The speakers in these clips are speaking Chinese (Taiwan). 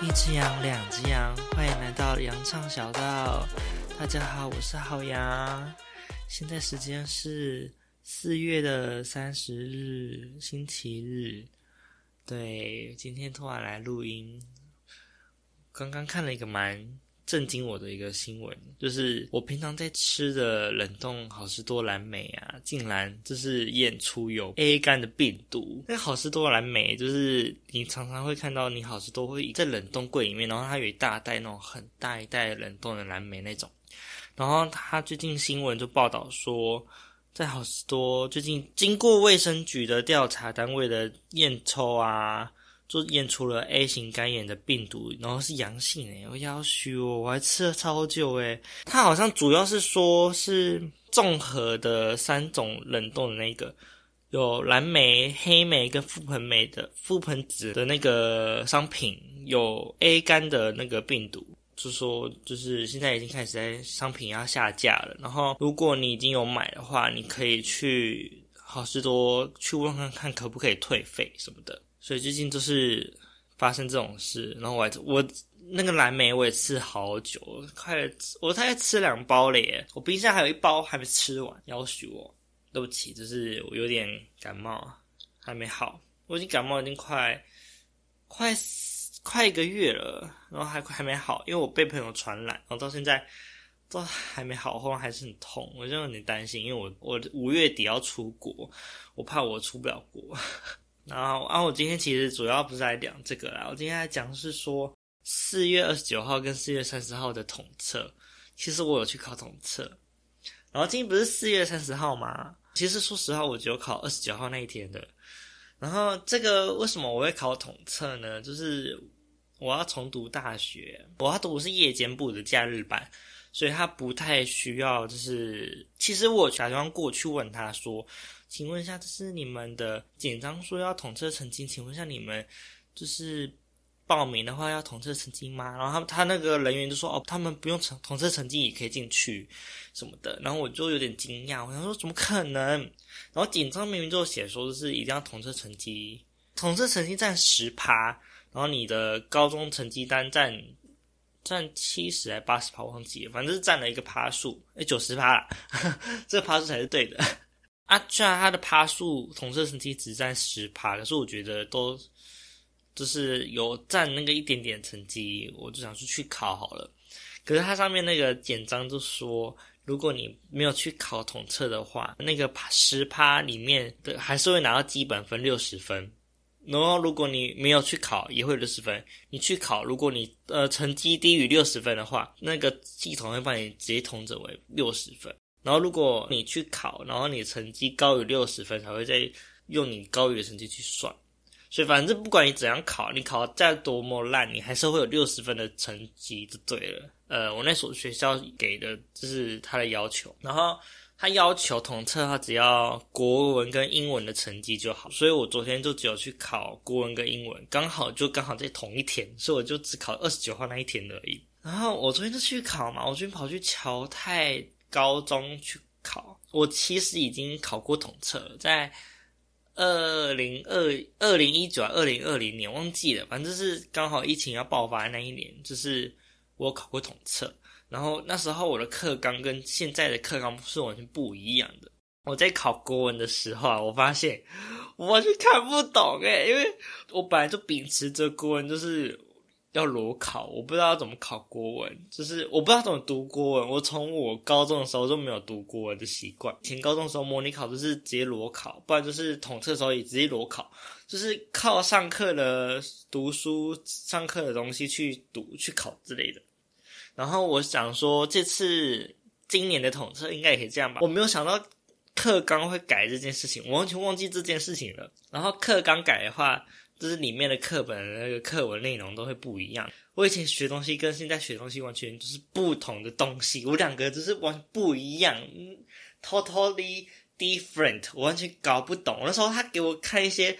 一隻羊，兩隻羊，歡迎來到羊腸小道。大家好，我是好羊。現在時間是四月的三十日，星期日。對，今天突然來錄音，剛剛看了一個蠻。震驚我的一個新聞，就是我平常在吃的冷凍好市多藍莓啊，竟然就是驗出有 A 肝的病毒。那好市多藍莓就是你常常會看到，你好市多會在冷凍櫃裡面，然後它有一大袋那種很大一袋冷凍的藍莓那種。然後它最近新聞就報道說，在好市多最近經過衛生局的調查單位的驗抽啊。就驗出了 A 型肝炎的病毒，然後是陽性誒、欸！我要虛哦，我還吃了超久誒、欸。他好像主要是說是綜合的三種冷凍的那個，有藍莓、黑莓跟覆盆莓的覆盆子的那個商品，有 A 肝的那個病毒，就說就是現在已經開始在商品要下架了。然後如果你已經有買的話，你可以去好市多去問看看可不可以退費什麼的。所以最近就是發生這種事，然後我還我那個藍莓我也吃好久，快我大概吃兩包了耶，我冰箱還有一包還沒吃完。要許我，對不起，就是我有點感冒，還沒好。我已經感冒已經快快快一個月了，然後還還沒好，因為我被朋友傳染，然後到現在都還沒好，後來還是很痛。我就有點擔心，因為我我五月底要出國，我怕我出不了國。然後啊，我今天其實主要不是來講這個啦，我今天來講是說四月二十九號跟四月三十號的統測，其實我有去考統測。然後今天不是四月三十號嗎？其實說實話，我只有考二十九號那一天的。然後這個為什麼我會考統測呢？就是我要重讀大學，我要讀的是夜間部的假日班，所以它不太需要。就是其實我有打算過去問他說。請問一下，這是你們的簡章說要統測成績。請問一下，你們就是報名的話要統測成績嗎？然後他他那個人員就說：“哦，他們不用成統統測成績也可以進去什麼的。”然後我就有點驚訝，我想說：“怎麼可能？”然後簡章明明就寫說的是一定要統測成績，統測成績佔十趴，然後你的高中成績單佔佔七十還八十趴，我忘記，反正是佔了一個趴數，哎，九十趴，這個趴數才是對的。啊，雖然他的趴數統測成績只佔十趴，可是我覺得都就是有佔那個一點點成績，我就想說去考好了。可是它上面那個簡章就說，如果你沒有去考統測的話，那個趴十趴裡面的還是會拿到基本分六十分。然後如果你沒有去考，也會六十分。你去考，如果你呃成績低於六十分的話，那個系統會幫你直接統整為六十分。然後如果你去考，然後你成績高於六十分才會再用你高於的成績去算，所以反正不管你怎樣考，你考再多麼爛，你還是會有六十分的成績就對了。呃，我那所學校給的就是他的要求，然後他要求統測，他只要國文跟英文的成績就好，所以我昨天就只有去考國文跟英文，剛好就剛好在同一天，所以我就只考二十九號那一天而已。然後我昨天就去考嘛，我昨天跑去僑泰。高中去考，我其實已經考過統測了，在二零二二零一九啊，二零二零年忘記了，反正是剛好疫情要爆發的那一年，就是我考過統測。然後那時候我的課綱跟現在的課綱是完全不一樣的。我在考國文的時候啊，我發現我完全看不懂哎、欸，因為我本來就秉持着國文就是。要裸考，我不知道要怎麼考國文，就是我不知道怎麼讀國文。我從我高中的時候就沒有讀國文的習慣。以前高中的時候模擬考就是直接裸考，不然就是統測的時候也直接裸考，就是靠上課的讀書、上課的東西去讀、去考之類的。然後我想說，這次今年的統測應該也可以這樣吧？我沒有想到課綱會改這件事情，我完全忘記這件事情了。然後課綱改的話，就是裡面的課本那個課文內容都會不一樣。我以前學東西跟現在學東西完全就是不同的東西，我兩個就是完全不一樣，totally different，我完全搞不懂。那時候他給我看一些，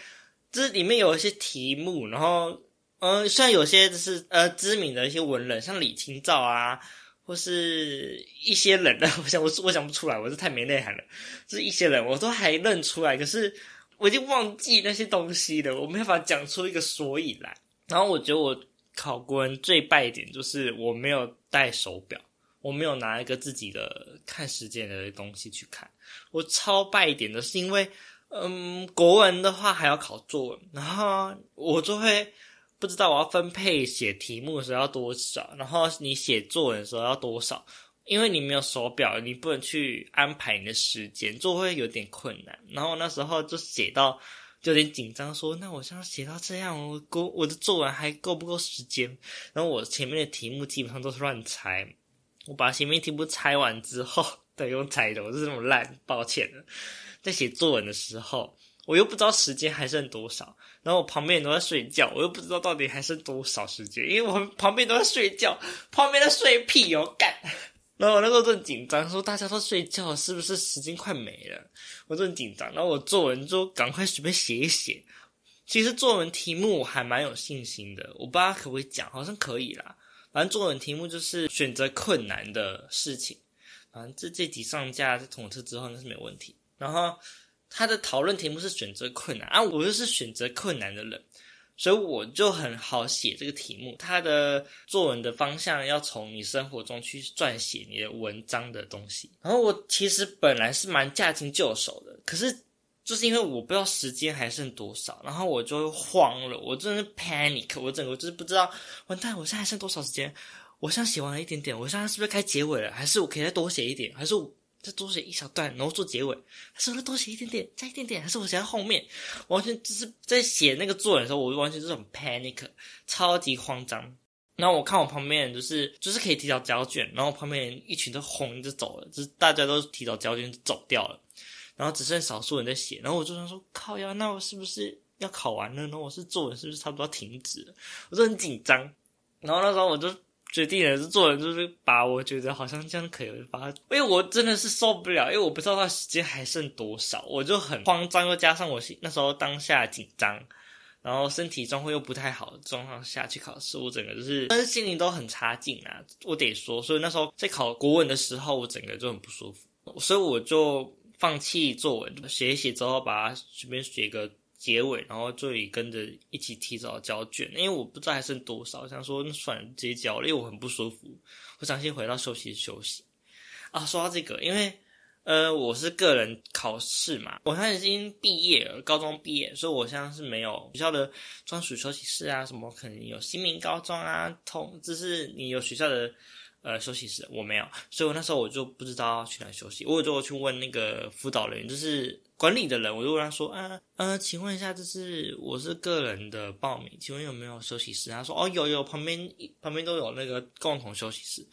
就是裡面有一些題目，然後，嗯，雖然有些就是呃，嗯，知名的一些文人，像李清照啊，或是一些人啊，我想我我想不出來，我是太沒內涵了，就是一些人我都還認出來，可是，我已經忘記那些東西了，我沒法講出一個所以然。然後我覺得我考國文最敗一點就是我沒有戴手錶，我沒有拿一個自己的看時間的東西去看。我超敗一點的是因為，嗯，國文的話還要考作文，然後我就會不知道我要分配寫題目的時候要多少，然後你寫作文的時候要多少。因為你沒有手表，你不能去安排你的時間，就會有點困難。然後那時候就寫到就有點緊張說，說那我像寫到這樣，我夠我的作文還夠不夠時間？然後我前面的題目基本上都是亂猜，我把前面題目猜完之後，對，用猜的，我就這麼爛，抱歉了。在寫作文的時候，我又不知道時間還剩多少，然後我旁邊人都在睡覺，我又不知道到底還剩多少時間，因為我旁邊都在睡覺，旁邊的睡屁、哦，我幹。然後我那時候正緊張，說大家都睡覺，是不是時間快沒了？我正緊張。然後我作文就趕快隨便寫一寫。其實作文題目我還蠻有信心的，我不知道可不可以講，好像可以啦。反正作文題目就是選擇困難的事情。反正這這集上架在統測之後那是沒問題。然後他的討論題目是選擇困難啊，我又是選擇困難的人。所以我就很好寫這個題目，他的作文的方向要從你生活中去撰寫你的文章的東西。然後我其實本來是蠻駕輕就熟的，可是就是因為我不知道時間還剩多少，然後我就慌了，我真的是 panic，我整個就是不知道，完蛋，我現在還剩多少時間？我現在寫完了一點點，我現在是不是該結尾了？還是我可以再多寫一點？還是我？再多寫一小段，然後做結尾。他說他多寫一點點，再一點點，還是我寫在後面。完全只是在寫那個作文的時候，我就完全這種 panic，超級慌張。然後我看我旁邊人，就是就是可以提早交卷，然後旁邊人一群都哄着走了，就是大家都提早交卷走掉了，然後只剩少數人在寫。然後我就想說，靠呀，那我是不是要考完了？然後我是作文是不是差不多要停止了？我就很緊張。然後那時候我就。決定是作文，做人就是把我覺得好像這樣可以把它。因為我真的是受不了，因為我不知道他時間還剩多少，我就很慌張，又加上我那時候當下緊張，然後身體狀況又不太好，狀況下去考試，我整個就是，但是心裡都很差勁啊，我得說，所以那時候在考國文的時候，我整個就很不舒服，所以我就放棄作文，寫一寫之後，把它隨便寫個。結尾，然後就跟着一起提早交卷，因為我不知道還剩多少，想說那算了，直接交了，因為我很不舒服，我想先回到休息室休息。啊，說到這個，因為呃我是個人考試嘛，我現在已經畢業了，高中畢業，所以我現在是沒有學校的專屬休息室啊，什麼可能有新民高中啊，通就是你有學校的。呃，休息室我沒有，所以我那時候我就不知道要去哪裡休息。我就去問那個輔導人員，就是管理的人，我就問他說，啊，呃，請問一下，就是我是個人的報名，請問有沒有休息室？他說，哦，有有，旁邊旁邊都有那個共同休息室。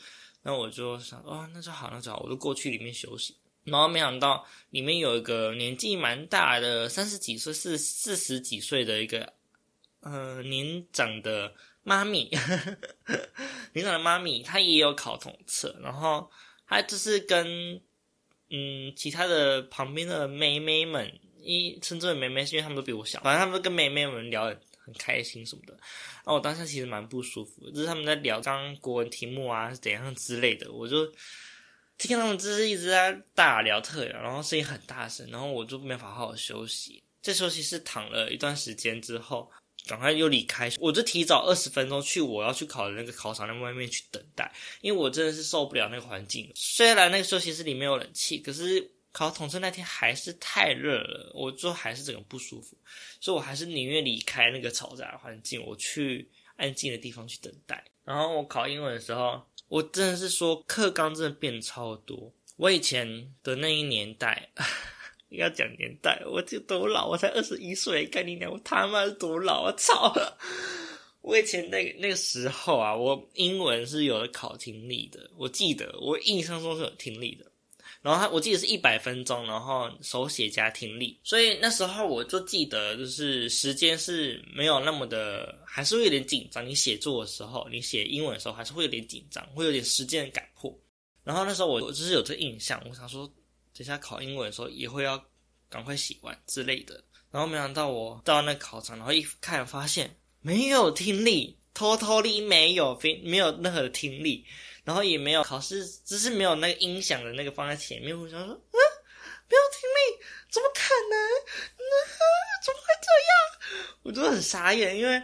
那我就想，哇、哦，那就好，那就好，我就過去裡面休息。然後沒想到裡面有一個年紀蠻大的，三十幾歲，四四十幾歲的一個，呃，年長的。媽咪，呵呵領導的媽咪，她也有考統測，然後她就是跟嗯其他的旁邊的妹妹們，一稱之為妹妹，是因為他們都比我小。反正他們都跟妹妹們聊的很開心什麼的，然後我當下其實蠻不舒服，就是他們在聊剛剛國文題目啊怎樣之類的，我就聽他們就是一直在大聊特聊，然後聲音很大聲，然後我就沒法好好休息。這休息是躺了一段時間之後。趕快又離開，我就提早二十分鐘去我要去考的那個考場，那外面去等待，因為我真的是受不了那個環境。雖然那個時候其實裡面有冷氣，可是考統測那天還是太熱了，我最後還是整個不舒服，所以我還是寧願離開那個嘈雜的環境，我去安靜的地方去等待。然後我考英文的時候，我真的是說課綱真的變得超多，我以前的那一年代。 要講年代，我就多老？我才二十一歲，跟你講，我他媽是多老啊？我操了！我以前那個那個時候啊，我英文是有考聽力的，我記得，我印象中是有聽力的。然後他，我記得是一百分鐘，然後手寫加聽力，所以那時候我就記得，就是時間是沒有那麼的，還是會有點緊張。你寫作的時候，你寫英文的時候，還是會有點緊張，會有點時間的緊迫。然後那時候我，我就是有這印象，我想說。等下考英文的時候也會要趕快寫完之類的，然後沒想到我到那個考場，然後一看我發現沒有聽力，偷偷力沒有非沒有任何聽力，然後也沒有考試，只是沒有那個音響的那個放在前面，我想說，嗯、啊，沒有聽力，怎麼可能？啊、怎麼會這樣？我真的很傻眼，因為。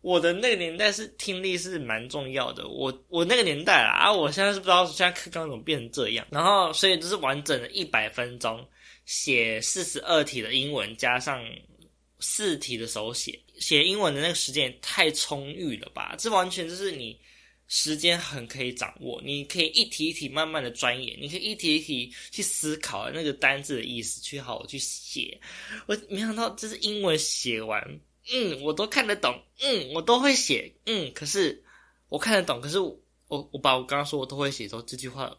我的那個年代是聽力是蠻重要的，我我那個年代啦，啊，我現在是不知道現在課綱怎麼變成這樣，然後所以就是完整的一百分鐘寫四十二題的英文，加上四題的手寫，寫英文的那個時間也太充裕了吧？這完全就是你時間很可以掌握，你可以一題一題慢慢的鑽研，你可以一題一題去思考那個單字的意思，去好去寫。我沒想到這是英文寫完。嗯，我都看得懂。嗯，我都會寫。嗯，可是我看得懂，可是我我，我把我剛剛說我都會寫的時候，都這句話，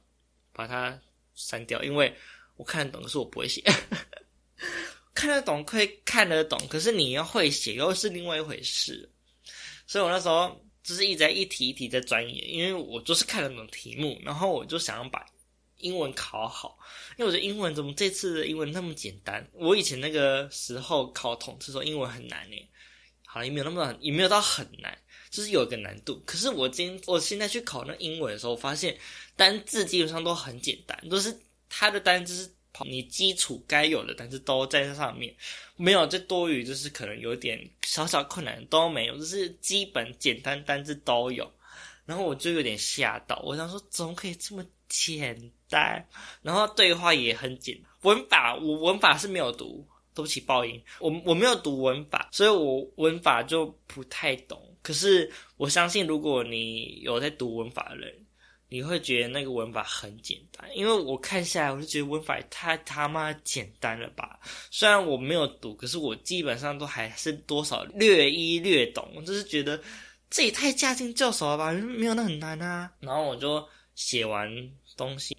把它刪掉，因為我看得懂，可是我不會寫。 看得懂可以看得懂，可是你要會寫又是另外一回事。所以我那時候就是一直在一題一題在鑽研，因為我就是看得懂題目，然後我就想要把英文考好，因為我覺得英文怎麼這次的英文那麼簡單？我以前那個時候考統測說英文很難耶。好，也沒有那麼，也沒有到很難，就是有一個難度。可是我今天我現在去考那英文的時候，我發現單字基本上都很簡單，都、就是它的單字是你基礎該有的，但是都在上面，沒有這多餘，就是可能有點小小困難都沒有，就是基本簡單單字都有。然後我就有點嚇到，我想說怎麼可以這麼簡單？然後對話也很簡單，文法我文法是沒有讀。都不起報應。我我沒有讀文法，所以我文法就不太懂。可是我相信，如果你有在讀文法的人，你會覺得那個文法很簡單。因為我看下來，我就覺得文法也太他媽簡單了吧？雖然我沒有讀，可是我基本上都還是多少略一略懂。我就是覺得這也太駕輕就熟了吧？沒有那很難啊。然後我就寫完東西。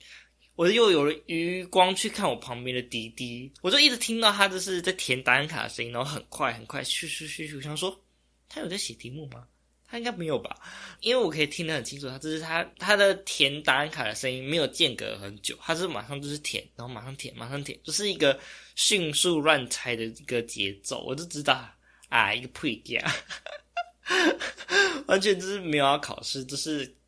我又有了餘光去看我旁邊的弟弟，我就一直聽到他就是在填答案卡的聲音，然後很快很快，噓噓噓噓，我想說他有在寫題目嗎？他應該沒有吧，因為我可以聽得很清楚，他就是他他的填答案卡的聲音沒有間隔很久，他是馬上就是填，然後馬上填，馬上填，就是一個迅速亂猜的一個節奏，我就知道啊，一個屁啊哈哈 完全就是沒有要考試，就是。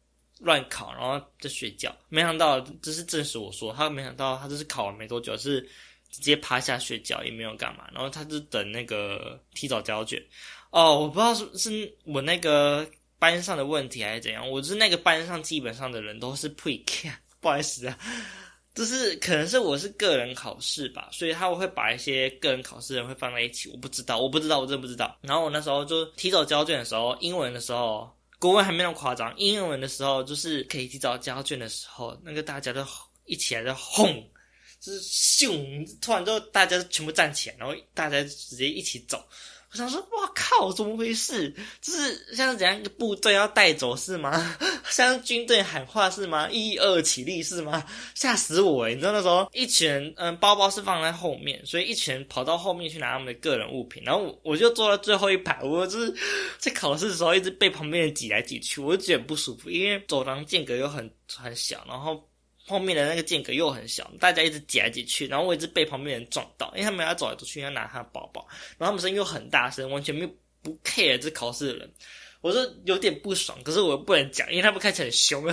亂考，然後在睡覺，沒想到，這是證實我說，他沒想到，他就是考完沒多久，是直接趴下睡覺，也沒有幹嘛，然後他就等那個提早交卷。哦，我不知道是是我那個班上的問題還是怎樣，我是那個班上基本上的人都是 prek，不好意思啊，就是可能是我是個人考試吧，所以他會把一些個人考試的人會放在一起，我不知道，我不知道，我真的不知道。然後我那時候就提早交卷的時候，英文的時候。國文還沒那麼誇張，英文的時候就是可以提早交卷的時候，那個大家都一起來就轟，就是咻，突然之後大家全部站起來，然後大家就直接一起走。我想說，哇靠，怎麼回事？就是像是怎樣一個部隊要帶走是嗎？像軍隊喊話是嗎？一二起立是嗎？嚇死我誒，你知道那時候一群人，嗯，包包是放在後面，所以一群人跑到後面去拿他們的個人物品。然後我我就坐在最後一排，我就是在考試的時候一直被旁邊人擠來擠去，我就覺得很不舒服，因為走廊間隔又很很小，然後。後面的那個間隔又很小，大家一直擠來擠去，然後我一直被旁邊的人撞到，因為他們要走來走去，要拿他的包包，然後他們聲音又很大聲，完全沒有不 care 這考試的人。我說有點不爽，可是我又不能講，因為他們看起來很兇。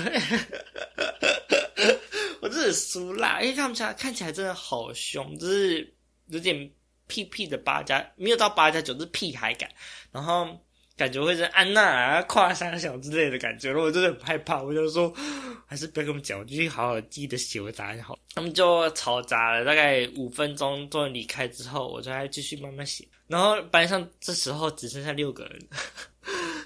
我真的很俗辣，因為他們看起來真的好兇，就是有點屁屁的八加，沒有到八加九，是屁孩感。然後。感覺會是安娜啊，跨三小之類的感覺了，我真的很害怕。我就說，還是不要跟我們講，我就去好好記得寫我答案就好。他們就嘈雜了大概五分鐘，終於離開之後，我就還繼續慢慢寫。然後班上這時候只剩下六個人。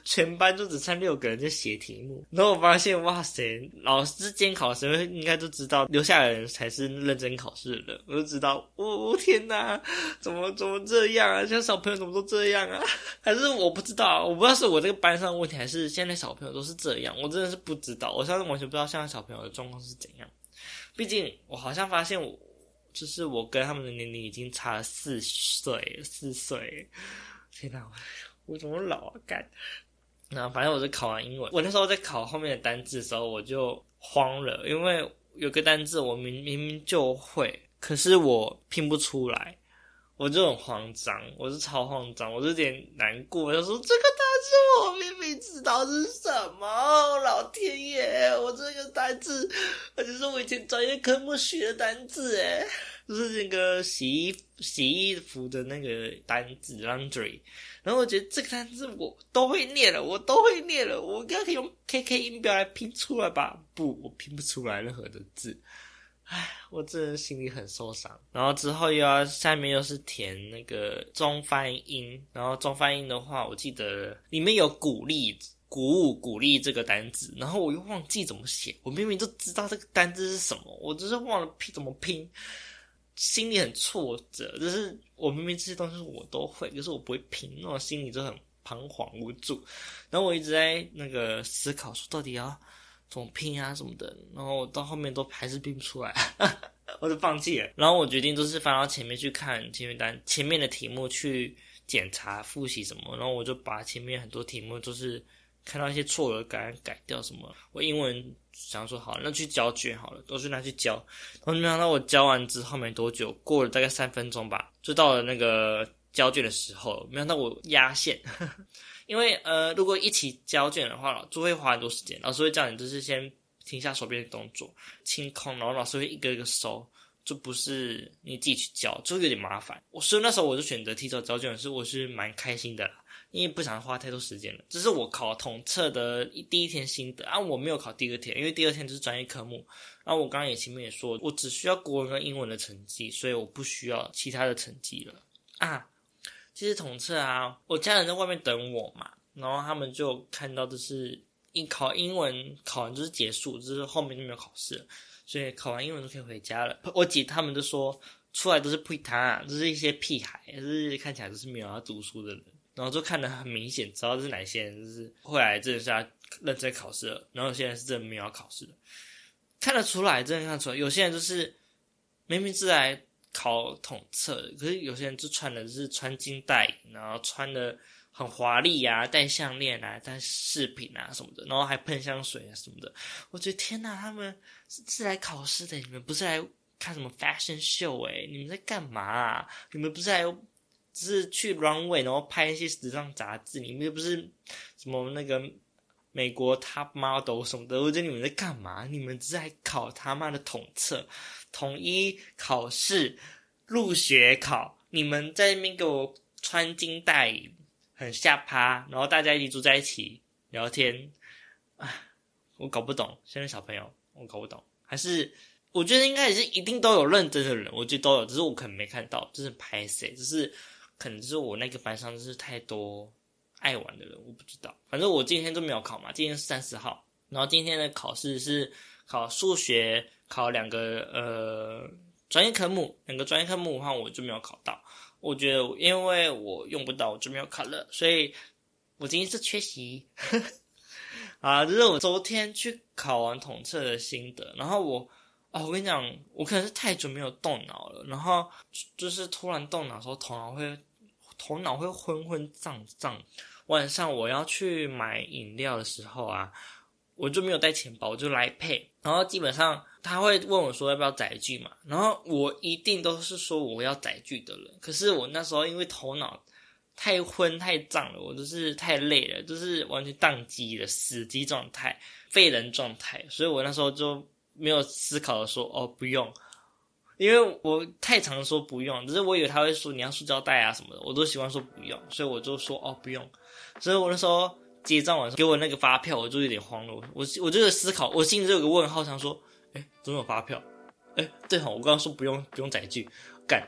全班就只剩六個人在寫題目，然後我發現，哇塞，老師監考的時候應該都知道，留下來的人才是認真考試的人。我就知道，我、哦、天哪，怎麼怎麼這樣啊？現在小朋友怎麼都這樣啊？還是我不知道，我不知道是我這個班上的問題，還是現在小朋友都是這樣？我真的是不知道，我現在完全不知道現在小朋友的狀況是怎樣。畢竟我好像發現我，我就是我跟他們的年齡已經差了四歲，四歲。天哪，我我怎麼老啊？幹！然後反正我是考完英文，我那時候在考後面的單字的時候，我就慌了，因為有個單字我明明明就會，可是我拼不出來，我就很慌張，我是超慌張，我是有點難過，我就說這個單字我明明知道是什麼，老天爺，我這個單字，而且是我以前專業科目學的單字，誒就是那個洗衣洗衣服的那個單字 Laundry。La 然後我覺得這個單字我都會念了，我都會念了，我應該可以用 KK 音標來拼出來吧？不，我拼不出來任何的字。唉，我真的心裡很受傷。然後之後又要下面又是填那個中翻英，然後中翻英的話，我記得裡面有鼓勵、鼓舞、鼓勵這個單字。然後我又忘記怎麼寫。我明明就知道這個單字是什麼，我只是忘了拼怎麼拼，心裡很挫折，就是。我明明這些東西我都會，可是我不會拼，然後心裡就很彷徨無助。然後我一直在那個思考，說到底要怎麼拼啊什麼的。然後到後面都還是拼不出來， 我就放棄了。然後我決定就是翻到前面去看前面單前面的題目去檢查複習什麼。然後我就把前面很多題目都，就是。看到一些錯額，改改掉什麼。我英文想說好，那去交卷好了，都去拿去交。我沒想到我交完之後沒多久，過了大概三分鐘吧，就到了那個交卷的時候。沒想到我壓線， 因為呃，如果一起交卷的話老，就會花很多時間。老師會叫你就是先停下手邊的動作，清空，然後老師會一個一個收，就不是你自己去交，就會有點麻煩。所以那時候我就選擇提早交卷，是我是蠻開心的啦。因為不想花太多時間了，這是我考統測的第一天心得啊！我沒有考第二天，因為第二天就是專業科目。然後，啊，我剛剛也前面也說，我只需要國文和英文的成績，所以我不需要其他的成績了啊！其實統測啊，我家人在外面等我嘛，然後他們就看到就是一考英文考完就是結束，就是後面就沒有考試了，所以考完英文就可以回家了。我姐他們就說出來都是屁痰，就是一些屁孩，就是看起來就是沒有要讀書的人。然後就看得很明顯，知道是哪些人就是後來真的是要認真考試了，然後現在是真的沒有要考試的，看得出來，真的看得出來。有些人就是明明是來考統測的，可是有些人就穿的是穿金戴銀，然後穿的很華麗啊，戴項鏈啊，戴飾品啊什麼的，然後還噴香水啊什麼的。我覺得天哪，他們是來考試的，你們不是來看什麼 fashion show 哎、欸，你們在幹嘛、啊？你們不是還有？只是去 runway 然後拍一些時尚雜誌，你們又不是什麼那個美國 top model 什麼的，我覺得你們在幹嘛？你們只是在考他媽的統測、統一考試、入學考？你們在那邊給我穿金戴銀，很下趴，然後大家一起住在一起聊天，啊，我搞不懂，現在小朋友我搞不懂，還是我覺得應該也是一定都有認真的人，我覺得都有，只是我可能沒看到，就是拍誰，只是。可能是我那個班上就是太多愛玩的人，我不知道。反正我今天都沒有考嘛，今天是三十號，然後今天的考試是考數學，考兩個呃專業科目，兩個專業科目的話我就沒有考到。我覺得因為我用不到，我就沒有考了，所以我今天是缺席。 啊，這，就是我昨天去考完統測的心得。然後我，啊，我跟你講，我可能是太久沒有動腦了，然後就是突然動腦的時候，頭腦會。頭腦會昏昏脹脹，晚上我要去買飲料的時候啊，我就沒有帶錢包，我就來 Pay。然後基本上他會問我說要不要載具嘛，然後我一定都是說我要載具的人。可是我那時候因為頭腦太昏太脹了，我就是太累了，就是完全宕機的死機狀態，廢人狀態，所以我那時候就沒有思考說哦，不用。因為我太常說不用，只是我以為他會說你要塑膠袋啊什麼的，我都喜歡說不用，所以我就說哦不用，所以我那時候結賬完給我那個發票，我就有點慌了，我我就在思考，我心裡就有個問號，想說誒怎麼有發票？誒對哈，我剛剛說不用不用載具，幹，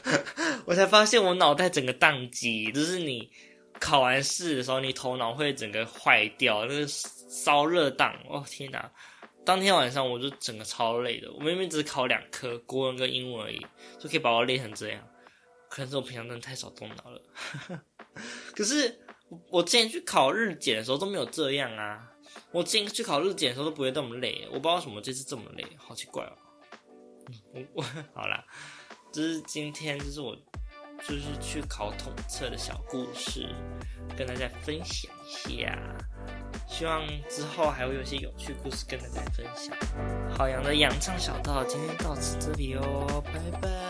我才發現我腦袋整個宕機，就是你考完試的時候，你頭腦會整個壞掉，那個燒熱檔，哦天哪！當天晚上我就整個超累的，我明明只是考兩科，國文跟英文而已，就可以把我累成這樣。可能是我平常真的太少動腦了。 可是我之前去考日檢的時候都沒有這樣啊，我之前去考日檢的時候都不會那麼累，我不知道為什麼這次這麼累，好奇怪哦。我 好啦，就是今天就是我就是去考統測的小故事，跟大家分享一下。希望之後還會有一些有趣故事跟大家分享。好羊的羊腸小道今天到此這裡哦，拜拜。